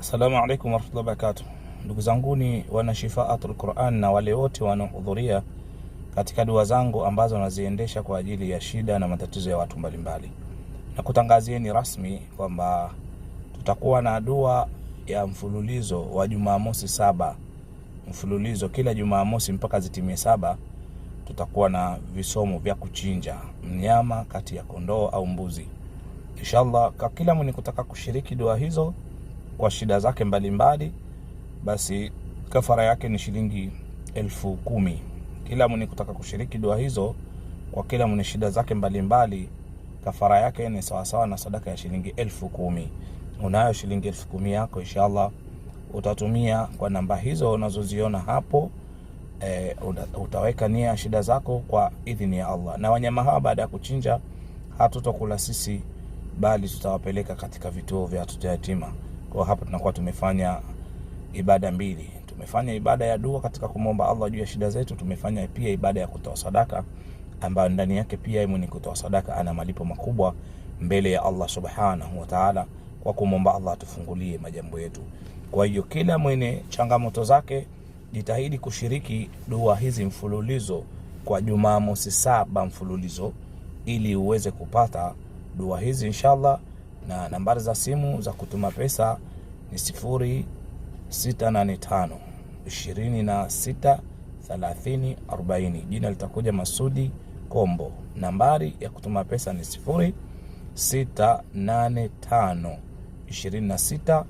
Assalamu alaikum warahmatullahi wabarakatu ndugu zanguni wana Shifaatul Quran na wale wote wanaohudhuria katika dua zangu ambazo naziendesha kwa ajili ya shida na matatizo ya watu mbalimbali, na kutangazieni rasmi kwamba tutakuwa na dua ya mfululizo wa Jumamosi saba mfululizo, kila Jumamosi mpaka zitimie saba. Tutakuwa na visomo vya kuchinja mnyama kati ya kondoo au mbuzi, inshallah. Kwa kila mwenye kutaka kushiriki dua hizo kwa shida zake mbalimbali mbali, basi kafara yake ni shilingi elfu kumi. Kila mwenye kutaka kushiriki dua hizo kwa kila mwenye shida zake mbalimbali mbali, kafara yake ni sawasawa na sadaka ya shilingi elfu kumi. Unayo shilingi elfu kumi yako, inshallah utatumia kwa namba hizo unazoziona hapo. E, utaweka nia ya shida zako kwa idhini ya Allah. Na wanyama hawa baada ya kuchinja hatutokula sisi, bali tutawapeleka katika vituo vya watoto yatima. Kwa hapa tunakuwa tumefanya ibada mbili. Tumefanya ibada ya dua katika kumwomba Allah juu ya shida zetu, tumefanya pia ibada ya kutoa sadaka ambayo ndani yake pia imu ni kutoa sadaka ana malipo makubwa mbele ya Allah Subhanahu wa Ta'ala, kwa kumwomba Allah atufungulie majambo yetu. Kwa hiyo kila mwenye changamoto zake jitahidi kushiriki dua hizi mfululizo kwa Jumamosi saba mfululizo, ili uweze kupata dua hizi inshallah na nambari za simu za kutuma pesa ni 0685 26 30 40. Jina litakuja Masudi Kombo. Nambari ya kutuma pesa ni 0685 26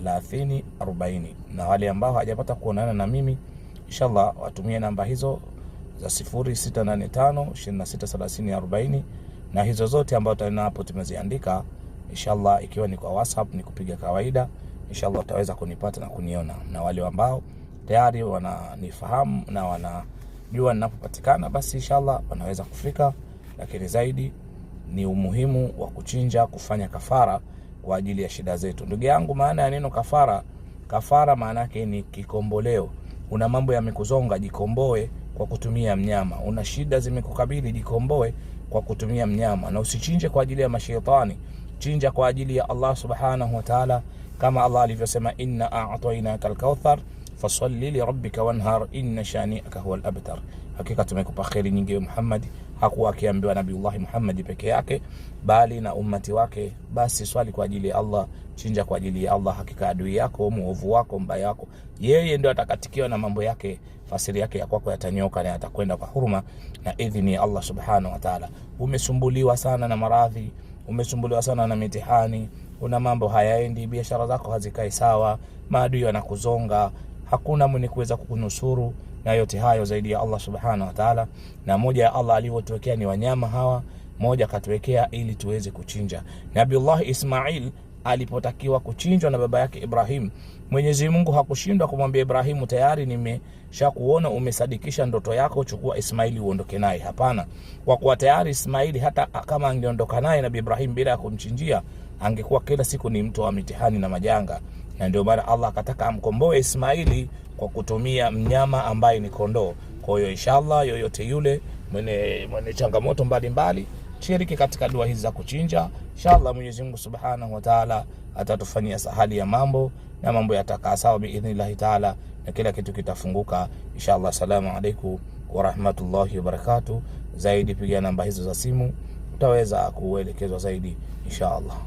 30 40. Na wale ambao hawajapata kuonana na mimi, inshallah watumie namba hizo za 0685 26 40 na hizo zote ambazo tena hapo tumeziandika. Inshallah, ikiwa ni kwa WhatsApp ni kupiga kawaida, inshallah utaweza kunipata na kuniona, na wale ambao tayari wananifahamu na wanajua ninapopatikana, basi inshallah wanaweza kufika. Lakini zaidi ni umuhimu wa kuchinja, kufanya kafara kwa ajili ya shida zetu, ndugu yangu. Maana ya neno kafara, kafara maana yake ni kikomboleo. Una mambo yamekuzonga, jikomboe kwa kutumia mnyama. Una shida zimekukabili, jikomboe kwa kutumia mnyama, na usichinje kwa ajili ya mashetani chinja kwa ajili ya Allah subhanahu wa ta'ala, kama Allah alivyosema, inna a'tainaka al-kauthar fasalli li rabbika wanhar inna shani'aka huwa al-abtar. Hakika tumekupa kheri nyingi we Muhammad. Hakuwa akiambiwa Nabiullahi Muhammad peke yake, bali na ummati wake. Basi swali kwa ajili ya Allah, chinja kwa ajili ya Allah. Hakika adui yako, muovu wako, mbaya wako, yeye ndio atakatikiwa na mambo yake, fasiri yake ya kwako yatanyoka na yatakwenda kwa huruma na idhini ya Allah subhanahu wa ta'ala. Umesumbuliwa sana na maradhi umesumbuliwa sana na mitihani, una mambo hayaendi, biashara zako hazikai sawa, maadui wanakuzonga, hakuna mwenye kuweza kukunusuru na yote hayo zaidi ya Allah subhanahu wa ta'ala. Na moja ya Allah aliyotuwekea ni wanyama hawa, moja katuwekea ili tuweze kuchinja. Nabiullah Ismail alipotakiwa kuchinjwa na baba yake Ibrahim. Mwenyezi Mungu hakushindwa kumwambia Ibrahimu, tayari nimeshakuona umesadikisha ndoto yako, chukua Ismaili uondoke naye. Hapana, kwa kuwa tayari Ismaili hata kama angeondoka naye Nabii Ibrahimu bila ya kumchinjia, angekuwa kila siku ni mtu wa mitihani na majanga, na ndio maana Allah akataka amkomboe Ismaili kwa kutumia mnyama ambaye ni kondoo. Kwa hiyo inshallah, yoyote yule mwenye, mwenye changamoto mbalimbali mbali, shiriki katika dua hizi za kuchinja. Inshallah Mwenyezi Mungu Subhanahu wa Ta'ala atatufanyia sahali ya mambo na mambo yatakaa sawa biidhnillahi taala, na kila kitu kitafunguka inshallah. Assalamu alaikum warahmatullahi barakatuh. Zaidi piga namba hizo za simu, utaweza kuelekezwa zaidi inshallah.